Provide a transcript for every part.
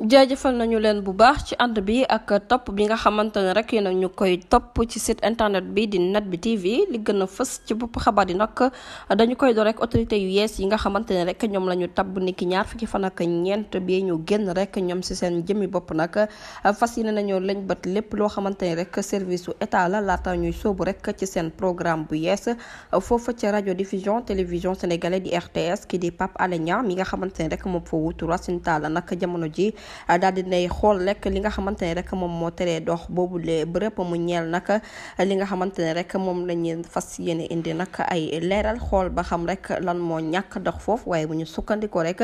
jaajëfal nañu leen bu baax ci ànd bi ak topp bi nga xamante ne rek yéen ñu koy topp ci site internet bi di net bi TV li gën a fës ci bopp xabaar yi nag dañu koy door rek autorité yu yees yi nga xamante ne rek ñoom la ñu tabb niki ñaar fukki fan ak ñeent bi ñu génn rek ñoom si seen jëmmi bopp nag fas ne nañoo lañ bët lépp loo xamante ne rek service su état la laata ñuy sóobu rek ci seen programme bu yees foofu ci radio diffusion télévision sénégalaise di RTS ki di Pape Alé Niang mi nga xamante ne rek moom foo wutu Racine Talla nag jamono ji daal nay xool rek li nga xamante ne rek moom moo teree dox boobu lee bërëb mu ñeel nag li nga xamante ne rek moom la ñu fas yéene indi nag ay leeral xool ba xam rek lan moo ñàkk dox foofu waaye bu ñu rek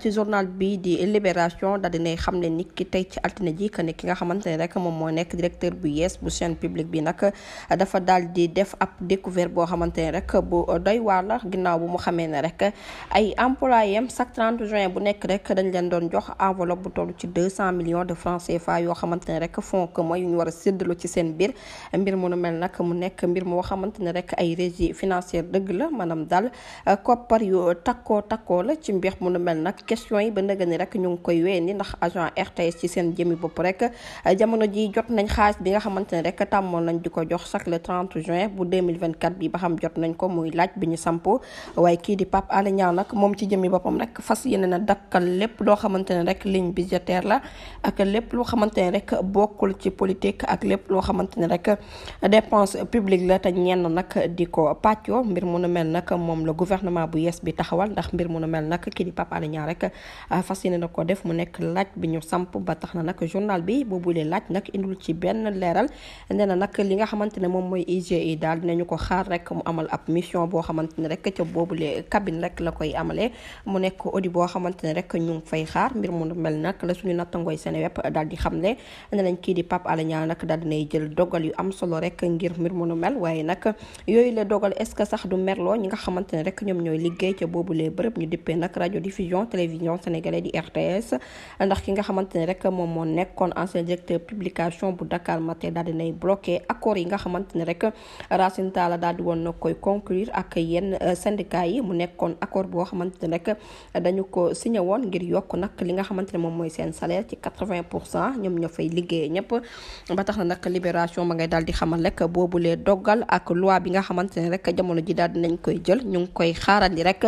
ci journal bi di Libération daal di xam ne nit ki tey ci altine ji que ne ki nga xamante ne rek moom moo nekk directeur bu yees bu seen publique bi nag dafa daal di def ab découverte boo xamante ne rek bu doy waar la ginnaaw bu mu xamee ne rek ay yem chaque 30 juin bu nekk rek dañ leen doon jox enveloppe toll ci 200 millions de francs CFA yoo xamante rek fonds commun yu ñu war a séddaloo ci seen biir mbir mu nu mel nag mu nekk mbir moo xamante ne rek ay régie financière dëgg la maanaam daal euh, koppar yu takkoo takkoo la ci mbir mu nu mel nag question yi ba nga ni rek ñu ngi koy weendi ndax agent RTS ci seen jëmi bopp rek euh, jamono ji jot nañ xaalis bi nga xamante ne rek tàmmoon nañ di ko jox chaque le 30 juin bu 2024 bi ba xam jot nañ ko muy laaj bi ñu sampo waaye kii di Pape Alé Niang moom ci jëmi boppam rek fas yéene bi budgétaire la ak lépp loo xamante ne rek bokkul ci politique ak lépp loo xamante ne rek dépense publique la te ñenn nag di ko pàccoo mbir mu nu mel nag moom la gouvernement bu yees bi taxawal ndax mbir mu nu mel nag kii di Pape Alé rek fas yéene na ko def mu nekk laaj bi ñu samp ba tax na nag journal bi boobu lee laaj nag indul ci benn leeral nee na nag li nga xamante ne moom mooy IGE daal dinañu ko xaar rek mu amal ab mission boo xamante ne rek ca boobu le cabine rek la koy amalee mu nekk audit boo xamante ne rek ñu ngi fay xaar mbir mu nu mel nag nag la suñu nattangooy Seneweb daal di xamle ne nañ kii di Pape Alé Niang nag daal dinay jël dogal yu am solo rek ngir mu la dogal ce que sax du merloo ñi nga xamante ne rek ñoom ñooy liggéey ca boobu lee bërëb ñu dippee nag radio diffusion télévision sénégalais di RTS ki nga xamante ne rek moom moo nekkoon ancien directeur publication bu Dakar Matin daal dinay bloqué accord yi nga xamante ne rek Racine Talla daal di woon na koy conclure ak yenn euh, syndicat yi mu nekkoon accord boo xamante ne rek dañu ko signé woon ngir yokk nag li nga xamante moom mooy mooy seen salaire ci 80 pour cent ñoom ñoo fay liggéey ñëpp ba tax na nag libération ma ngay daal di xamal rek boobulee doggal ak loi bi nga xamante ne rek jamono ji daal dinañ koy jël ñu ngi koy xaarandi rek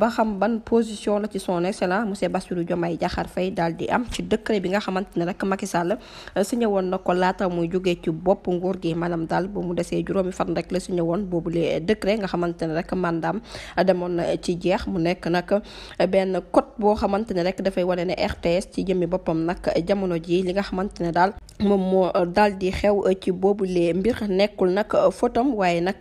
ba xam ban position la ci son excellence monsieur Bassirou Diomaye Diakhar Faye daal di am ci décret bi nga xamante ne rek Macky Sall signé woon na ko laata muy jógee ci bopp nguur gi maanaam daal ba mu desee juróomi fan rek la signé woon boobulee décret nga xamante ne rek mandaam demoon na ci jeex mu nekk nag benn code boo xamante ne rek dafay ci jëmmi boppam nag jamono jii li nga xamante ne daal moom moo uh, daal di xew uh, ci boobu boobulee mbir nekkul nag fotom uh, waaye nag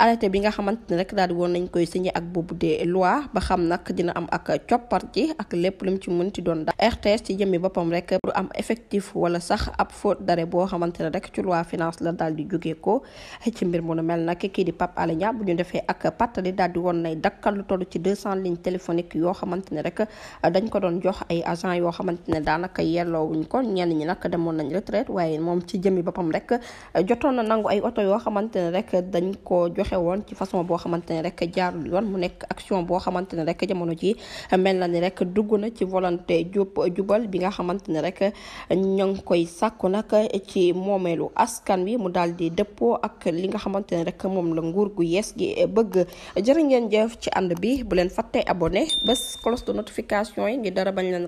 arrêté bi nga xamante ne rek daal di woon nañ koy signé ak boobu dee loi ba xam nag dina am ak coppar ci ak lépp lu mu ci mën ci doon daal RTS ci jëmmi boppam rek du am effectif wala sax ab faute d'arrêt boo xamante ne rek ci loi finance daal di jógee ko ci mbir mu nu mel nag kii di Pape Alé bu ñu defee ak pàttali daal di woon nay dakkal lu toll ci 200 lignes téléphoniques yoo xamante ne rek dañ ko doon jox ay agent yoo xamante ne daanaka yelloowuñ ko ñenn ñi nag demoon nañ rek retraite waaye moom ci jëmmi boppam rek eh, jotoon na nangu ay oto yoo xamante ne rek dañ ko joxe woon ci façon boo xamante ne rek jaarul yoon mu nekk action boo xamante ne rek jamono ji mel na ni rek dugg na ci volonté jub jubal bi nga xamante ne rek ñoo ngi koy sàkku nag ci moomeelu askan wi mu daal di dëppoo ak li nga xamante ne rek moom la nguur gu yees gi bëgg jërë ngeen jëf ci ànd bi bu leen fàtte abonné bés cloche de notification yi ngi dara bañ leen